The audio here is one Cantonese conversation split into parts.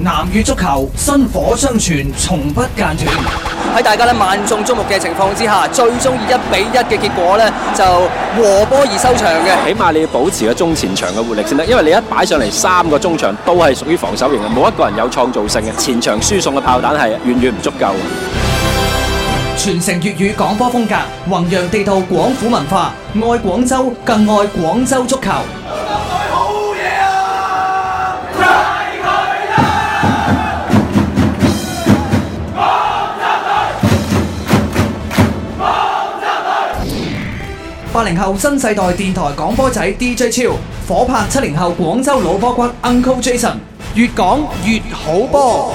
南粵足球，薪火相傳，從不間斷。喺大家咧萬眾矚目嘅情況之下，最中意一比一嘅結果呢，就和波而收場嘅。起碼你要保持個中前場嘅活力先得，因為你一擺上嚟三個中場都係屬於防守型嘅，冇一個人有創造性嘅，前場輸送嘅炮彈係遠遠唔足夠嘅。傳承粵語廣播風格，弘揚地道廣府文化，愛廣州，更愛廣州足球。八零後新世代電台廣播仔 DJ 超火拍，七零後廣州老波骨 Uncle Jason，越講越好波。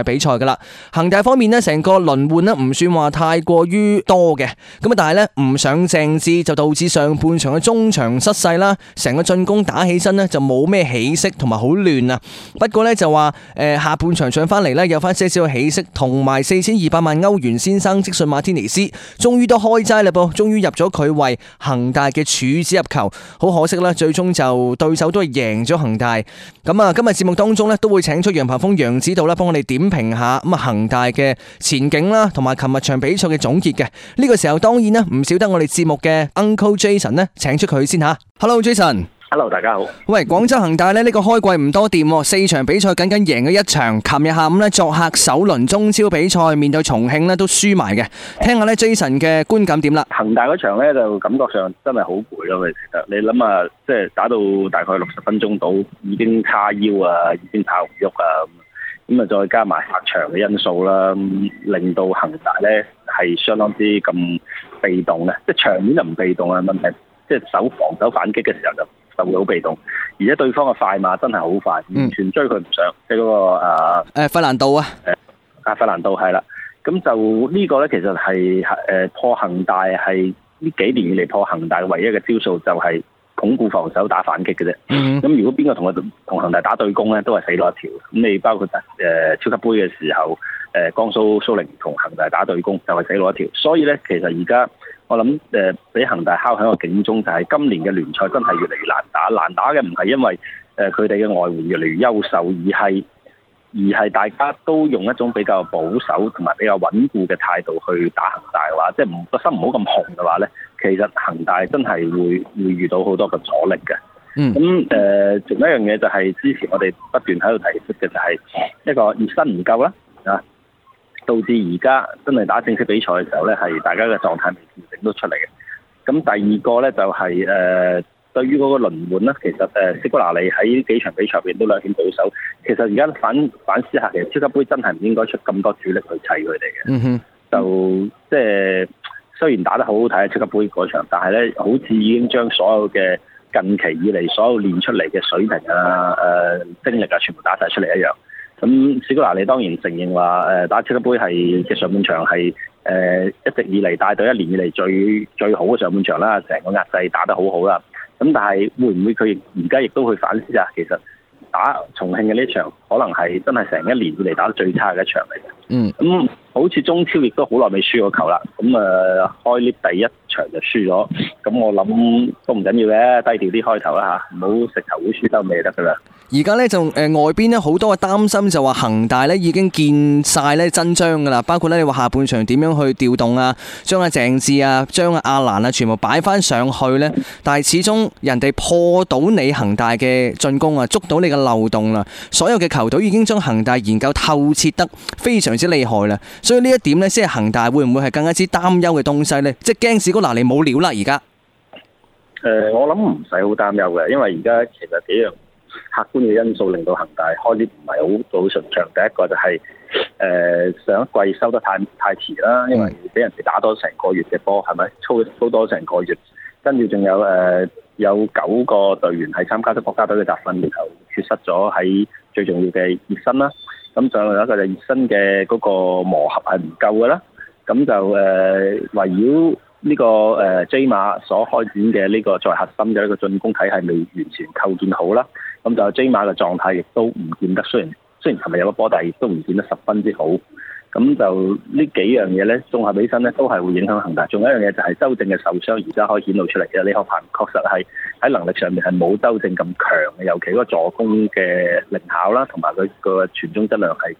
比賽噶啦，恒大方面呢，成個輪換呢，唔算話太過於多嘅，咁啊，但係呢，唔上鄭智就導致上半場嘅中場失勢啦，成個進攻打起身呢，就冇咩起色同埋好亂啊。不過呢，就話誒，下半場上翻嚟呢，有翻少少起色，同埋四千二百萬歐元先生積遜馬天尼斯終於都開齋啦噃，終於入咗佢為恒大嘅處子入球。好可惜啦，最終就對手都係贏咗恒大。咁啊，今日節目當中咧都會請出楊朋鋒、楊指導啦，幫我哋點評下咁啊恒大嘅前景啦，同埋琴日場比賽嘅總結嘅。呢個時候當然啦唔少得我哋節目嘅 Uncle Jason 咧，請出佢先吓。Hello，Jason。Hello，大家好。喂，廣州恒大咧呢個開季唔多掂，四場比賽僅僅贏咗一場。琴日下午咧作客首輪中超比賽，面對重慶咧都輸埋嘅。聽下咧 Jason 嘅觀感點啦。恒大嗰場咧就感覺上真係好攰咯，其實你諗啊，即係打到大概六十分鐘到，已經叉腰啊，已經跑唔喐啊，咁啊再加埋客場嘅因素啦，令到恒大咧係相當之咁被動咧。即係場面就唔被動啊，問題即係守防守反擊嘅時候就。就會好被動，而且對方嘅快馬真係好快，完全追佢唔上，即係嗰個誒誒，法蘭度啊，誒阿法蘭度係啦，咁、啊、就呢個咧，其實係誒、啊、破恒大係呢幾年以嚟破恒大嘅唯一嘅招數，就係鞏固防守打反擊嘅啫。咁、嗯、如果邊個同我同恒大打對攻咧，都係死路一條。咁你包括誒、呃、超級杯嘅時候，誒、呃、江蘇蘇寧同恒大打對攻，就係、是、死路一條。所以咧，其實而家。我諗誒，俾恒大敲響個警鐘就係、是、今年嘅聯賽真係越嚟越難打，難打嘅唔係因為誒佢哋嘅外援越嚟越優秀，而係而係大家都用一種比較保守同埋比較穩固嘅態度去打恒大嘅話，即係唔個心唔好咁紅嘅話咧，其實恒大真係會會遇到好多嘅阻力嘅。咁誒、嗯，仲、呃、有一樣嘢就係之前我哋不斷喺度提出嘅就係一個熱身唔夠啦。導致而家真係打正式比賽嘅時候咧，係大家嘅狀態未調整到出嚟嘅。咁第二個咧就係、是、誒、呃，對於嗰個輪換咧，其實誒、呃、斯科拉里喺幾場比賽入邊都兩險保手。其實而家反反思下，其實超級杯真係唔應該出咁多主力去砌佢哋嘅。Mm hmm. 就即係雖然打得很好好睇超級杯嗰場，但係咧好似已經將所有嘅近期以嚟所有練出嚟嘅水平啊、誒、呃、精力啊，全部打晒出嚟一樣。咁史高拿你當然承認話誒、呃、打超級杯係嘅上半場係誒、呃、一直以嚟帶隊一年以嚟最最好嘅上半場啦，成個壓制打得好好啦。咁但係會唔會佢而家亦都去反思啊？其實打重慶嘅呢場可能係真係成一年以嚟打得最差嘅一場嚟嘅。嗯，咁好似中超亦都好耐未輸過球啦。咁誒、呃、開呢第一場就輸咗，咁我諗都唔緊要嘅，低調啲開頭啦吓，唔好食頭會輸得未得噶啦。而家咧就誒外邊咧好多嘅擔心就話恒大咧已經見晒咧真章噶啦，包括咧你話下半場點樣去調動治啊，將阿鄭智啊、將阿阿蘭啊全部擺翻上去咧，但係始終人哋破到你恒大嘅進攻啊，捉到你嘅漏洞啦，所有嘅球隊已經將恒大研究透徹得非常之厲害啦，所以呢一點咧先係恒大會唔會係更加之擔憂嘅東西咧，即係驚嗰。嗱，你冇料啦，而家。誒，我諗唔使好擔憂嘅，因為而家其實幾樣客觀嘅因素令到恒大開啲唔係好好順暢。第一個就係、是、誒、呃、上一季收得太太遲啦，因為俾人哋打多成個月嘅波，係咪操操多成個月？跟住仲有誒、呃、有九個隊員係參加咗國家隊嘅集訓，然後缺失咗喺最重要嘅熱身啦。咁仲有一個就熱身嘅嗰個磨合係唔夠嘅啦。咁就誒、呃、圍繞。呢個誒 J 馬所開展嘅呢個最核心嘅一個進攻體系未完全構建好啦，咁就 J 馬嘅狀態亦都唔見得，雖然雖然琴日有個波，但係亦都唔見得十分之好。咁就呢幾樣嘢咧，綜合起身咧，都係會影響恒大。仲有一樣嘢就係周正嘅受傷，而家可以顯露出嚟嘅李學鵬確實係喺能力上面係冇周正咁強嘅，尤其嗰個助攻嘅靈巧啦，同埋佢個傳中質量係誒、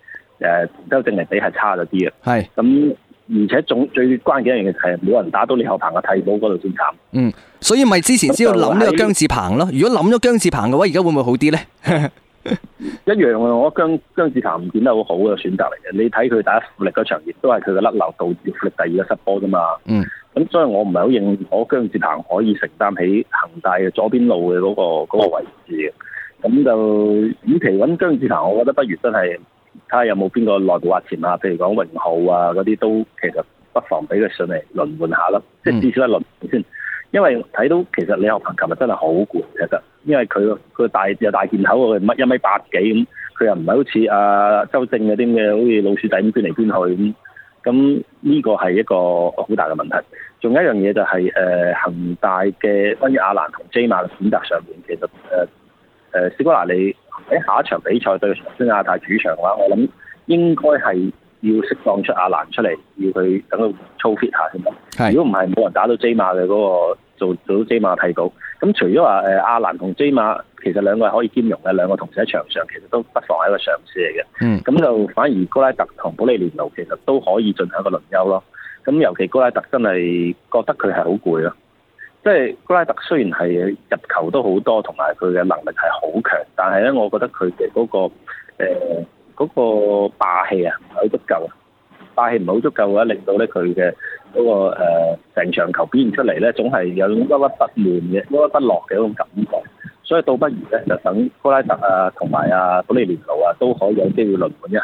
呃、周正嚟比係差咗啲嘅。係咁是。而且仲最關鍵一樣嘢就係冇人打到李學鵬嘅替補嗰度先慘。嗯，所以咪之前先要諗呢個姜志鵬咯。就是、如果諗咗姜志鵬嘅話，而家會唔會好啲咧？ 一樣啊，我姜姜志鵬唔見得很好好嘅選擇嚟嘅。你睇佢打富力嗰場亦都係佢嘅甩漏導致富力第二個失波啫嘛。嗯。咁所以我唔係好認可姜志鵬可以承擔起恒大嘅左邊路嘅嗰、嗰個嗰個位置咁、嗯、就與其揾姜志鵬，我覺得不如真係。睇下有冇邊個內部挖潛啊？譬如講榮昊啊嗰啲都其實不妨俾佢上嚟輪換下啦，即係至少一輪先。因為睇到其實李學鵬琴日真係好攰，其實因為佢個大又大件頭，佢咪一米八幾咁，佢又唔係好似阿、啊、周正嗰啲咁嘅，好似老鼠仔咁轉嚟轉去咁。咁呢個係一個好大嘅問題。仲有一樣嘢就係、是、誒、呃、恆大嘅關於阿蘭同 J 馬嘅選擇上面，其實誒誒斯科拉里。喺下一場比賽對亞太主場嘅話，我諗應該係要釋放出阿蘭出嚟，要佢等佢操 fit 下先。如果唔係冇人打到 J 馬嘅嗰、嗰個做做到 J 馬替補，咁除咗話誒阿蘭同 J 馬其實兩個係可以兼容嘅，兩個同時喺場上其實都不妨係一個嘗試嚟嘅。嗯，咁就反而哥拉特同保利尼奴其實都可以進行一個輪休咯。咁尤其哥拉特真係覺得佢係好攰咯。即係高拉特雖然係入球都好多，同埋佢嘅能力係好強，但係咧，我覺得佢嘅嗰個誒嗰、呃嗰個霸氣啊唔係好足夠，霸氣唔係好足夠嘅話，令到咧佢嘅嗰個誒成、呃、場球表現出嚟咧，總係有種鬱郁不滿嘅鬱郁不樂嘅一種感覺。所以倒不如咧，就等高拉特啊，同埋啊保利尼奴啊，都可以有機會輪換一下，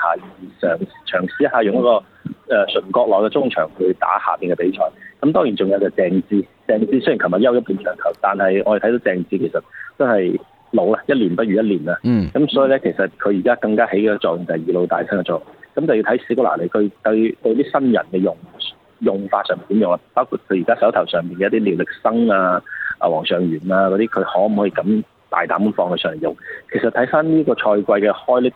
嘗嘗試一下用一、那個誒、呃、純國內嘅中場去打下邊嘅比賽。咁、嗯、當然仲有就鄭智，鄭智雖然琴日休一半場球，但係我哋睇到鄭智其實都係老啦，一年不如一年啦。咁、mm. 所以咧，其實佢而家更加起嘅作用就係以老帶新嘅作用。咁就要睇史高拿利佢對對啲新人嘅用用法上點用啊，包括佢而家手頭上邊嘅一啲廖力生啊、阿、啊、王上源啊嗰啲，佢可唔可以咁？大膽咁放佢上嚟用，其實睇翻呢個賽季嘅開裂，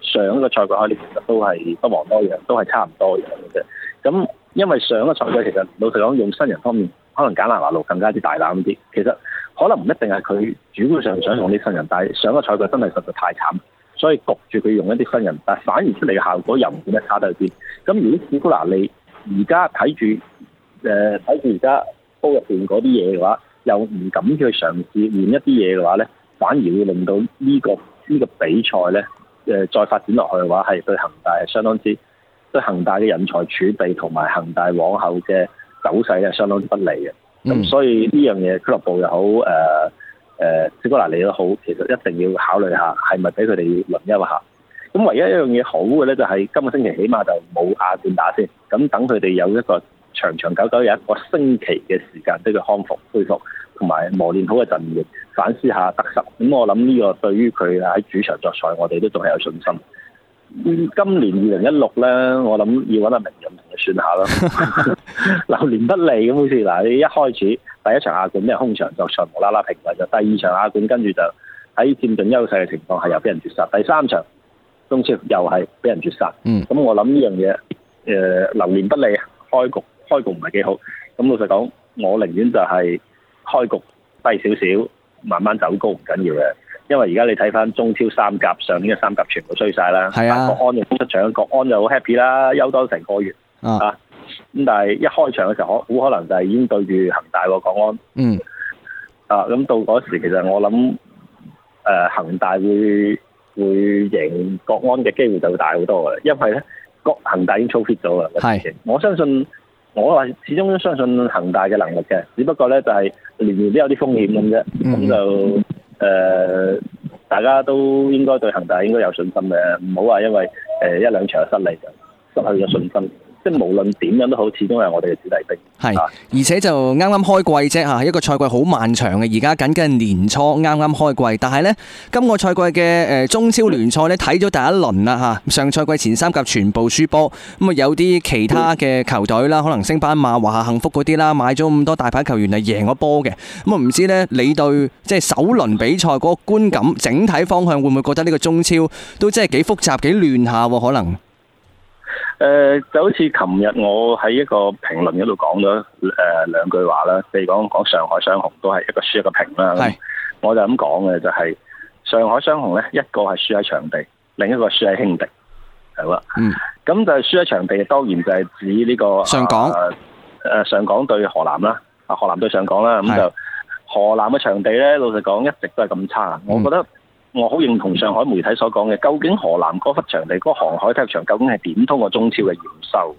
上一個賽季開裂其實都係不遑多讓，都係差唔多嘅啫。咁因為上一個賽季其實老實講用新人方面，可能簡拿華路更加之大膽啲。其實可能唔一定係佢主觀上想用啲新人，但係上一個賽季真係實在太慘，所以焗住佢用一啲新人，但係反而出嚟嘅效果又唔見得差得去邊。咁如果如果嗱你而家睇住誒睇住而家煲入邊嗰啲嘢嘅話，又唔敢去嘗試換一啲嘢嘅話咧，反而會令到呢、呢個呢、呢個比賽咧誒、呃、再發展落去嘅話，係對恒大係相當之對恒大嘅人才儲備同埋恒大往後嘅走勢係相當之不利嘅。咁、嗯、所以呢樣嘢俱樂部又好誒誒，斯科拉里都好，其實一定要考慮下係咪俾佢哋輪休下。咁唯一一樣嘢好嘅咧、就係，就係今個星期起碼就冇亞冠打先。咁等佢哋有一個，長長久久有一個星期嘅時間，俾佢康復、恢復同埋磨練好嘅陣型，反思下得失。咁我諗呢個對於佢喺主場作賽，我哋都仲係有信心。嗯、今年二零一六咧，我諗要揾阿明人同佢算下啦。 流年不利咁好似，嗱你一開始第一場亞冠咩空場作賽，無啦啦平就便便便便便第二場亞冠跟住就喺佔盡優勢嘅情況下又俾人絕殺。第三場中超又係俾人絕殺。咁、嗯、我諗呢樣嘢，誒、呃、流年不利，開局。開局唔係幾好，咁老實講，我寧願就係開局低少少，慢慢走高唔緊要嘅。因為而家你睇返中超三甲，上年嘅三甲全部衰曬啦。係啊，國安就出場，國安就好 happy 啦，休多成個月啊。咁但係一開場嘅時候，好可能就係已經對住恒大個國安。嗯。啊，咁到嗰時其實我諗，誒恒大會會贏國安嘅機會就會大好多嘅，因為咧國恒大已經操 fit 咗啦。係，我相信。我話始終都相信恒大嘅能力嘅，只不過咧就係年年都有啲風險咁啫，咁就、呃、大家都應該對恒大應該有信心嘅，唔好話因為、呃、一兩場失利就失去咗信心。即係無論點樣都好，始終係我哋嘅子弟兵。係，而且就啱啱開季啫吓，一個賽季好漫長嘅。而家僅僅年初啱啱開季，但係咧，今個賽季嘅誒中超聯賽咧睇咗第一輪啦吓。上賽季前三甲全部輸波，咁啊有啲其他嘅球隊啦，可能升班馬、華夏幸福嗰啲啦，買咗咁多大牌球員嚟贏咗波嘅。咁啊唔知咧，你對即係首輪比賽嗰個觀感，整體方向會唔會覺得呢個中超都真係幾複雜、幾亂下可能？誒、呃，就好似琴日我喺一個評論嗰度講咗誒兩句話啦，譬如講講上海雙雄都係一個輸一個平啦，係是，我就咁講嘅就係、是、上海雙雄咧，一個係輸喺場地，另一個輸喺兄弟，係啦，嗯，咁就係輸喺場地，當然就係指呢、這個上港誒、啊、上港對河南啦，啊河南對上港啦，咁是就河南嘅場地咧，老實講一直都係咁差，嗯、我覺得。我好認同上海媒體所講嘅，究竟河南嗰忽場地、嗰個航海體育場究竟係點通過中超嘅驗收？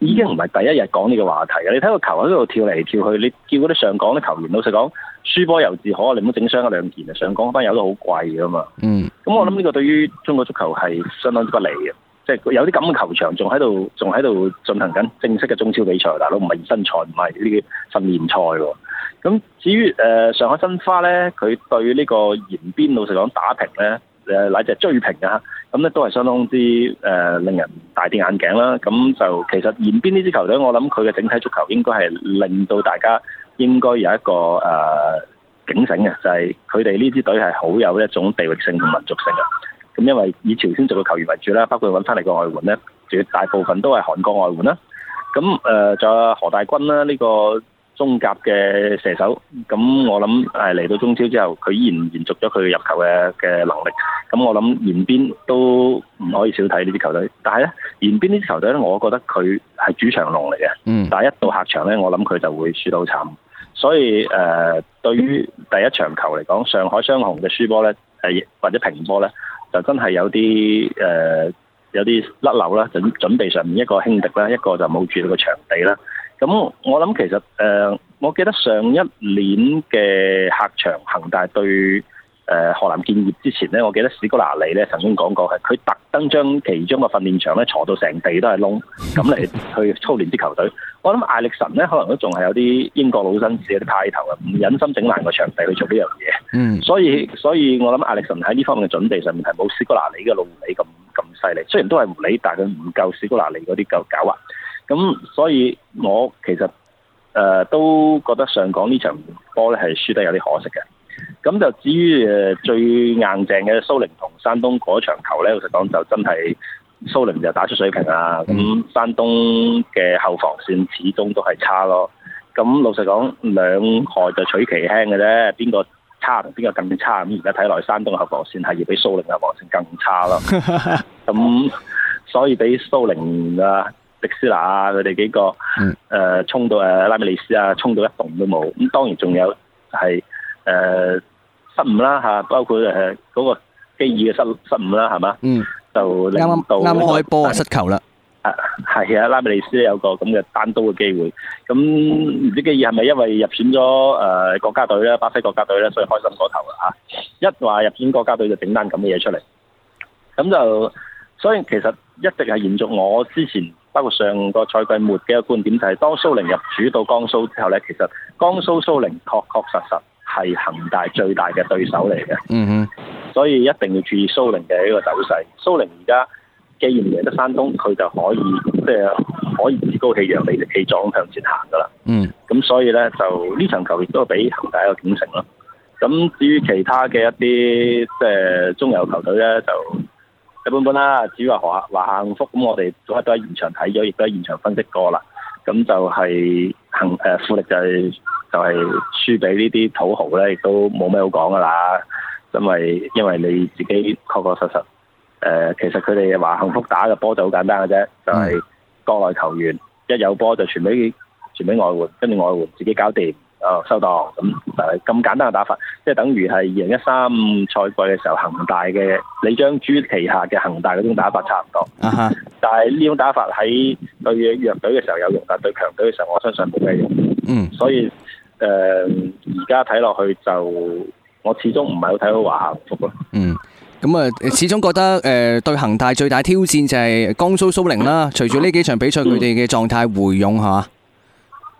已經唔係第一日講呢個話題嘅。你睇個球喺度跳嚟跳去，你叫嗰啲上港啲球員老實講，輸波由自可，你唔好整傷一兩件啊！上港班友都好貴噶嘛。嗯，咁我諗呢個對於中國足球係相當之不利嘅，即係有啲咁嘅球場仲喺度，仲喺度進行緊正式嘅中超比賽。大佬唔係熱身賽，唔係呢啲訓練賽喎。咁至於誒、呃、上海申花咧，佢對呢個延邊老實講打平咧，誒乃至係追平嘅，咁咧都係相當之誒、呃、令人大跌眼鏡啦。咁、嗯、就其實延邊呢支球隊，我諗佢嘅整體足球應該係令到大家應該有一個誒、呃、警醒嘅，就係佢哋呢支隊係好有一種地域性同民族性嘅。咁、嗯、因為以朝鮮族嘅球員為主啦，包括揾翻嚟嘅外援咧，絕大部分都係韓國外援啦。咁仲有何大軍啦呢、呢個。中甲嘅射手，咁我諗誒嚟到中超之後，佢依然延續咗佢入球嘅嘅能力。咁我諗延邊都唔可以少睇呢啲球隊，但係咧延邊呢啲球隊咧，我覺得佢係主場龍嚟嘅，嗯、但係一到客場咧，我諗佢就會輸到慘。所以誒、呃，對於第一場球嚟講，上海雙雄嘅輸波咧，誒、呃、或者平波咧，就真係有啲誒、呃、有啲甩漏啦，準準備上面一個輕敵啦，一個就冇住到個場地啦。咁、嗯、我諗其實誒、呃，我記得上一年嘅客場恒大對誒、呃、河南建業之前咧，我記得史哥拿里咧曾經講過係，佢特登將其中個訓練場咧坐到成地都係窿，咁嚟去操練支球隊。我諗艾力神咧可能都仲係有啲英國老紳士嘅派頭啊，唔忍心整爛個場地去做呢樣嘢。嗯、所，所以所以我諗艾力神喺呢方面嘅準備上面係冇史哥拿里嘅老狐狸咁咁犀利，雖然都係狐狸，但係佢唔夠史哥拿里嗰啲夠狡猾。咁所以我其實誒、呃、都覺得上港呢場波咧係輸得有啲可惜嘅。咁就至於誒、呃、最硬淨嘅蘇寧同山東嗰場球咧，老實講就真係蘇寧就打出水平啦。咁山東嘅後防線始終都係差咯。咁老實講兩害就取其輕嘅啫。邊個差同邊個更差？咁而家睇來山東後防線係要比蘇寧嘅防線更差咯。咁 所以比蘇寧啊～迪斯拿啊，佢哋幾個誒，衝到誒拉米雷斯啊，衝到一棟都冇。咁當然仲有係誒失誤啦嚇，包括誒嗰個基爾嘅失失誤啦，係嘛？嗯，就啱啱啱開波啊，失球啦啊，係啊，拉米雷斯有個咁嘅單刀嘅機會。咁唔知基爾係咪因為入選咗誒國家隊咧，巴西國家隊咧，所以開心過頭啦嚇？一話入選國家隊就整單咁嘅嘢出嚟，咁就所以其實一定係延續我之前。包括上個賽季末嘅一個觀點，就係當蘇寧入主到江蘇之後咧，其實江蘇蘇寧確確實實係恒大最大嘅對手嚟嘅。嗯哼、mm，hmm. 所以一定要注意蘇寧嘅呢個走勢。蘇寧而家既然贏得山東，佢就可以即係、就是、可以趾高氣揚、理直氣壯向前行噶啦。嗯、mm，咁、hmm. 所以咧就呢場球亦都俾恒大一個險勝咯。咁至於其他嘅一啲即係中游球隊咧就。一般般啦，至於話何幸福咁，我哋早一都喺現場睇咗，亦都喺現場分析過啦。咁就係幸誒富力就係就係輸俾呢啲土豪咧，亦都冇咩好講㗎啦。因為因為你自己確確實實誒，其實佢哋話幸福打嘅波就好簡單嘅啫，就係國內球員一有波就傳俾傳俾外援，跟住外援自己搞掂。哦，收檔咁誒，咁簡單嘅打法，即係等於係二零一三賽季嘅時候恒大嘅你將朱旗下嘅恒大嗰、啊、哈種打法差唔多。但係呢種打法喺對弱隊嘅時候有用，但係對強隊嘅時候我相信冇咩用。嗯，所以誒而家睇落去就我始終唔係好睇好華夏幸福咯。嗯，咁啊始終覺得誒、呃、對恒大最大挑戰就係江蘇蘇寧啦。隨住呢幾場比賽佢哋嘅狀態回勇吓，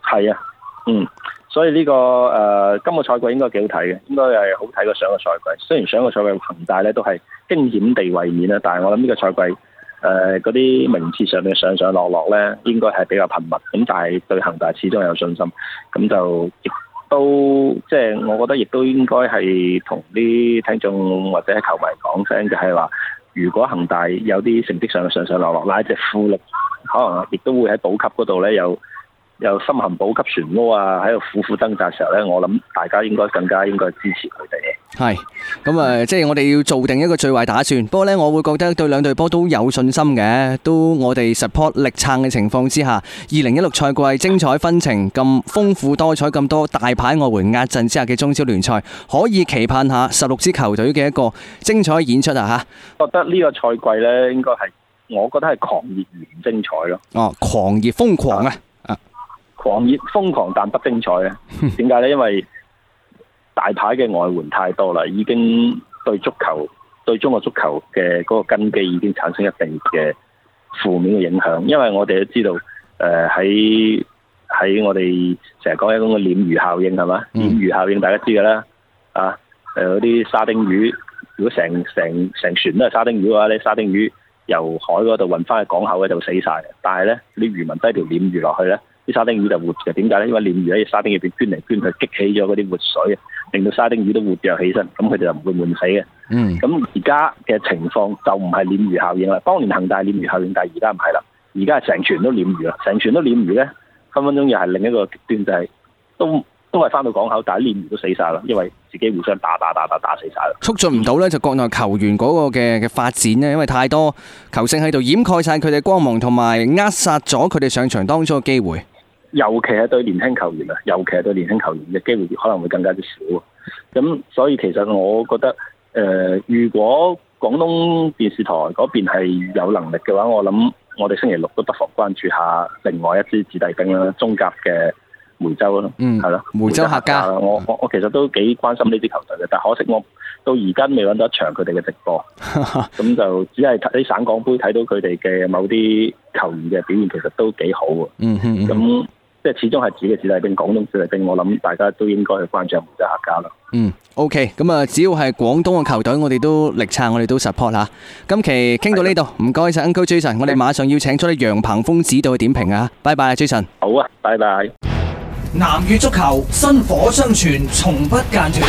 係、嗯、啊，啊，嗯。所以呢、這個誒、呃、今個賽季應該幾好睇嘅，應該係好睇過上個賽季。雖然上個賽季恒大咧都係驚險地衛冕啦，但係我諗呢個賽季誒嗰啲名次上面上上落落咧，應該係比較頻密。咁但係對恒大始終有信心，咁就亦都即係、就是、我覺得亦都應該係同啲聽眾或者係球迷講聲就是，就係話如果恒大有啲成績上上上落落，那一隻富力可能亦都會喺保級嗰度咧有，有深陷保級漩渦啊！喺度苦苦掙扎嘅時候咧，我諗大家應該更加應該支持佢哋。係咁啊，即係我哋要做定一個最壞打算。不過咧，我會覺得對兩隊波都有信心嘅，都我哋 support 力撐嘅情況之下，二零一六賽季精彩紛呈，咁豐富多彩，咁多大牌外援壓陣之下嘅中超聯賽，可以期盼下十六支球隊嘅一個精彩演出啊！吓，覺得呢個賽季咧，應該係我覺得係狂熱而精彩咯。哦，狂熱瘋狂啊！狂熱、瘋狂，但不精彩嘅。點解咧？因為大牌嘅外援太多啦，已經對足球、對中國足球嘅嗰個根基已經產生一定嘅負面嘅影響。因為我哋都知道，誒喺喺我哋成日講緊嗰個鯰魚效應係嘛？鯰魚、嗯、效應大家知㗎啦，啊誒嗰啲沙丁魚，如果成成成船都係沙丁魚嘅話，咧沙丁魚由海嗰度運翻去港口嘅就死晒。但係咧，啲漁民擠條鯰魚落去咧。沙丁魚就活嘅，點解咧？因為鯰魚喺沙丁魚入邊捐嚟捐去，激起咗嗰啲活水，令到沙丁魚都活躍起身，咁佢哋就唔會悶死嘅。嗯，咁而家嘅情況就唔係鯰魚效應啦。當年恒大鯰魚效應，但而家唔係啦。而家係成船都鯰魚啦，成船，船都鯰魚咧，分分鐘又係另一個極端，就係、係、都都係返到港口，但係鯰魚都死晒啦，因為自己互相打打打打打死晒啦。促進唔到咧，就國內球員嗰個嘅嘅發展咧，因為太多球星喺度掩蓋晒佢哋光芒，同埋扼殺咗佢哋上場當初嘅機會。尤其係對年輕球員啊，尤其係對年輕球員嘅機會可能會更加之少。咁所以其實我覺得，誒、呃，如果廣東電視台嗰邊係有能力嘅話，我諗我哋星期六都不妨關注下另外一支子弟兵啦，中甲嘅梅州咯，嗯，係咯的，梅州客家啦。我我，我其實都幾關心呢啲球隊嘅，但可惜我到而家未搵到一場佢哋嘅直播，咁 就只係喺省港杯睇到佢哋嘅某啲球員嘅表現，其實都幾好嘅。嗯咁、嗯。即係始終係主嘅子弟兵，廣東子弟兵，我諗大家都應該去關注唔得客家啦。嗯，OK，咁啊，只要係廣東嘅球隊，我哋都力撐，我哋都 support 吓。今期傾到呢度，唔該晒 Uncle Jason，我哋馬上要請出楊朋鋒指導去點評啊！拜拜，Jason。好啊，拜拜。南粵足球，薪火相傳，從不間斷。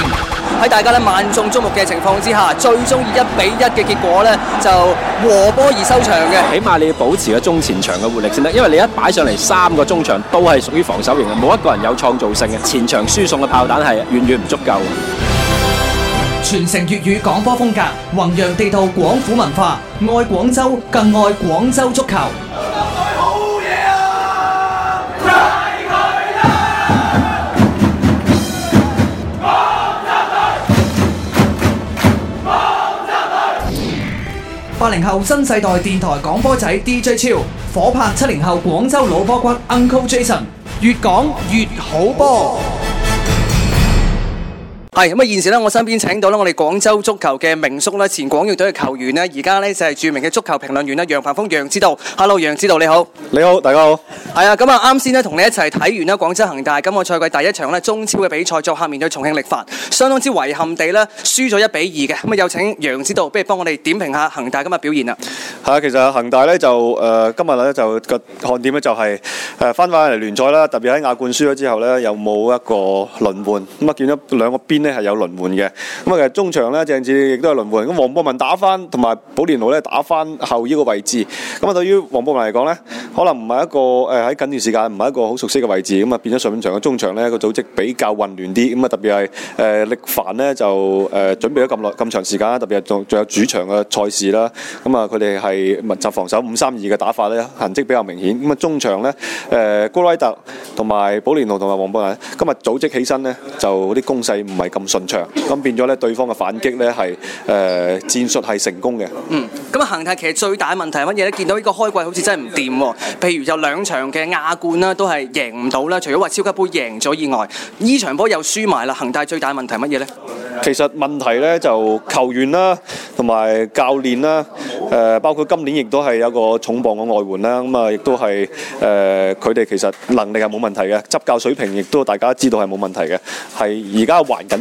喺大家咧萬眾矚目嘅情況之下，最中意一比一嘅結果咧，就和波而收場嘅。起碼你要保持個中前場嘅活力先得，因為你一擺上嚟三個中場都係屬於防守型嘅，冇一個人有創造性嘅，前場輸送嘅炮彈係遠遠唔足夠。傳承粵語廣播風格，弘揚地道廣府文化，愛廣州，更愛廣州足球。八零後新世代電台講波仔 DJ 超火拍，七零後廣州老波骨 Uncle Jason，越講越好波。係咁啊！現時咧，我身邊請到咧，我哋廣州足球嘅名宿咧，前廣藥隊嘅球員咧，而家咧就係著名嘅足球評論員啦，楊朋鋒、楊指導。Hello，楊指導，你好。你好，大家好。係啊，咁啊，啱先咧，同你一齊睇完咧，廣州恒大今個賽季第一場咧，中超嘅比賽，作客面對重慶力帆，相當之遺憾地咧，輸咗一比二嘅。咁啊，有請楊指導，不如幫我哋點評下恒大今日表現啦。係啊，其實恒大咧就誒今日咧就個看點咧就係誒翻返嚟聯賽啦，特別喺亞冠輸咗之後咧，有冇一個輪換咁啊？見咗兩個邊。呢係有輪換嘅，咁啊其實中場呢，鄭智亦都係輪換。咁黃博文打翻，同埋保連奴呢，打翻後腰個位置。咁啊，對於黃博文嚟講呢，可能唔係一個誒喺近段時間唔係一個好熟悉嘅位置，咁啊變咗上半場嘅中場呢，個組織比較混亂啲。咁啊特別係誒力帆呢，就誒、呃、準備咗咁耐咁長時間啦，特別係仲仲有主場嘅賽事啦。咁啊佢哋係密集防守五三二嘅打法呢，痕跡比較明顯。咁啊中場呢，誒、呃、高拉特同埋保連奴同埋黃博文今日組織起身呢，就啲攻勢唔係，咁順暢，咁變咗咧，對方嘅反擊咧係誒戰術係成功嘅。嗯，咁啊，恒大其實最大嘅問題係乜嘢咧？見到呢個開季好似真係唔掂，譬如有兩場嘅亞冠啦、啊，都係贏唔到啦。除咗話超級杯贏咗以外，呢場波又輸埋啦。恒大最大問題係乜嘢咧？其實問題咧就球員啦，同埋教練啦，誒、呃、包括今年亦都係有個重磅嘅外援啦。咁、嗯、啊，亦都係誒佢哋其實能力係冇問題嘅，執教水平亦都大家知道係冇問題嘅，係而家環境。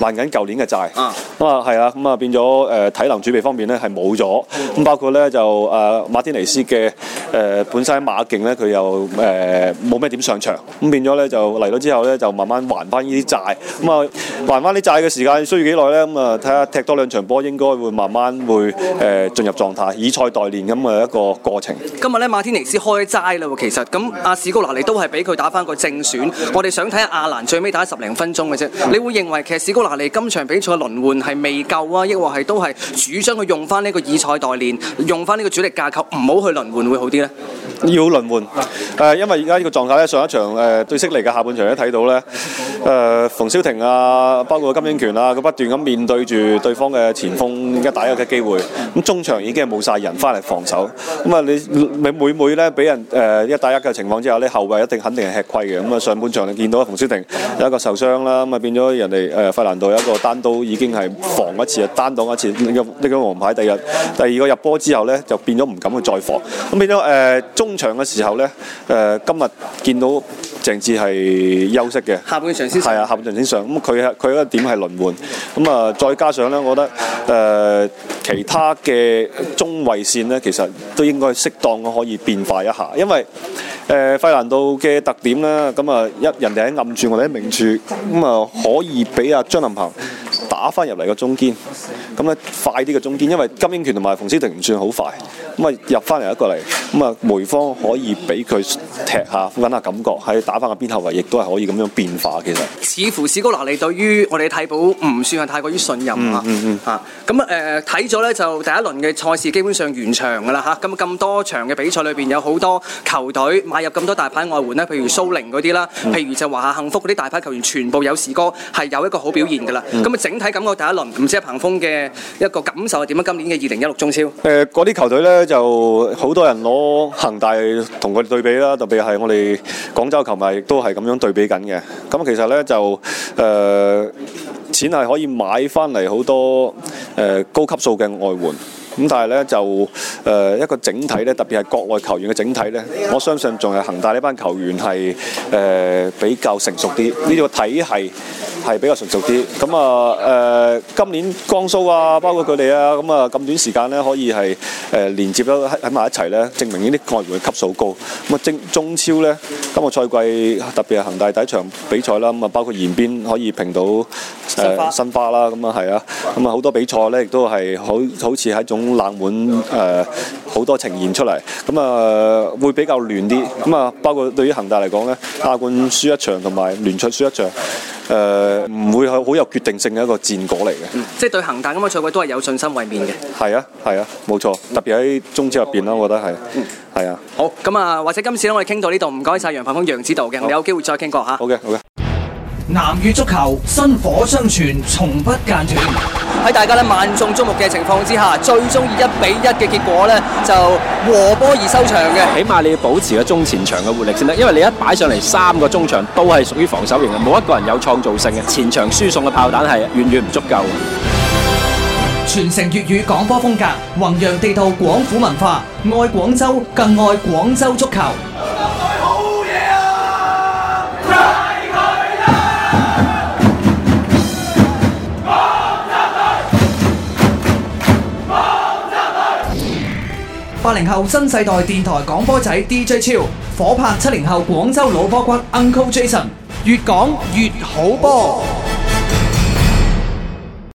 還緊舊年嘅債，咁啊係啊，咁啊，啊變咗誒、呃、體能儲備方面咧係冇咗，咁包括咧就誒、呃、馬天尼斯嘅誒、呃、本身馬勁咧佢又誒冇咩點上場，咁變咗咧就嚟咗之後咧就慢慢還翻呢啲債，咁、嗯嗯、啊還翻啲債嘅時間需要幾耐咧？咁啊睇下踢多兩場波應該會慢慢會誒、呃、進入狀態，以賽代練咁嘅一個過程。今日咧馬天尼斯開齋啦喎，其實咁阿史高拿嚟都係俾佢打翻個正選，我哋想睇下阿亞蘭最尾打十零分鐘嘅啫，嗯、你會認為其實史高你今場比賽輪換係未夠啊，抑或係都係主張去用翻呢個以賽代練，用翻呢個主力架構，唔好去輪換會好啲呢？要輪換，誒、呃，因為而家呢個狀態咧，上一場誒對悉尼嘅下半場咧睇到咧，誒馮瀟霆啊，包括金英權啊，佢不斷咁面對住對方嘅前鋒一打一嘅機會，咁中場已經係冇晒人翻嚟防守，咁啊你你每每咧俾人誒、呃、一打一嘅情況之下咧，後衛一定肯定係吃虧嘅，咁啊上半場你見到馮瀟霆有一個受傷啦，咁啊變咗人哋誒、呃、費蘭度有一個單刀已經係防一次，啊單擋一次，拎咗呢個黃牌第，第二第二個入波之後咧就變咗唔敢去再防，咁變咗誒、呃、中。中場嘅時候呢，誒、呃、今日見到鄭智係休息嘅，下半場先上，係啊，下半場先上。咁佢佢一個點係輪換，咁啊再加上呢，我覺得誒、呃、其他嘅中衞線呢，其實都應該適當可以變化一下，因為誒、呃、費蘭道嘅特點咧，咁啊一人哋喺暗住，我哋喺明處，咁、嗯、啊可以俾阿張林鵬，打翻入嚟嘅中堅，咁咧快啲嘅中堅，因為金英權同埋馮瀟霆唔算好快，咁啊入翻嚟一個嚟，咁啊梅方可以俾佢踢下，揾下感覺喺打翻個邊後衞，亦都係可以咁樣變化其實。似乎史高拿利對於我哋嘅替補唔算係太過於信任啊？嗯嗯嗯嚇。咁誒睇咗咧，就第一輪嘅賽事基本上完場㗎啦嚇。咁、啊、咁多場嘅比賽裏邊，有好多球隊買入咁多大牌外援咧，譬如蘇寧嗰啲啦，嗯、譬如就華夏幸福嗰啲大牌球員，全部有士高係有一個好表現㗎啦。咁啊整體。嗯感覺第一輪唔知朋鋒嘅一個感受係點樣？今年嘅二零一六中超，誒嗰啲球隊呢就好多人攞恒大同佢哋對比啦，特別係我哋廣州球迷亦都係咁樣對比緊嘅。咁其實呢就誒錢係可以買翻嚟好多誒高級數嘅外援。咁但係咧就誒、呃、一個整體咧，特別係國內球員嘅整體咧，嗯、我相信仲係恒大呢班球員係誒、呃、比較成熟啲，呢個體系係比較成熟啲。咁啊誒今年江蘇啊，包括佢哋啊，咁啊咁短時間咧可以係誒、呃、連接到喺埋一齊咧，證明呢啲外援嘅級數高。咁啊正中超咧今個賽季特別係恒大第一場比賽啦，咁、嗯、啊包括延邊可以平到誒申、呃、花，花啦，咁啊係啊，咁啊好多比賽咧亦都係好好似喺一冷門誒好、呃、多呈現出嚟，咁、呃、啊會比較亂啲，咁啊包括對於恒大嚟講咧，亞冠輸一場同埋聯賽輸一場，誒、呃、唔會係好有決定性嘅一個戰果嚟嘅、嗯。即係對恒大咁嘅賽季都係有信心為面嘅。係啊，係啊，冇錯，特別喺中超入邊啦，我覺得係，係啊、嗯。好，咁啊，或者今次咧我哋傾到呢度，唔該晒楊朋鋒、楊指導嘅，我哋好有機會再傾過嚇。好嘅、okay, okay，好嘅。南越足球薪火相傳，從不間斷。喺大家咧萬眾矚目嘅情況之下，最終以一比一嘅結果咧，就和波而收場嘅。起碼你要保持個中前場嘅活力先得，因為你一擺上嚟三個中場都係屬於防守型嘅，冇一個人有創造性嘅前場輸送嘅炮彈係遠遠唔足夠嘅。傳承粵語廣播風格，弘揚地道廣府文化，愛廣州，更愛廣州足球。八零後新世代電台講波仔 DJ 超火拍，七零後廣州老波骨 Uncle Jason，越講越好波。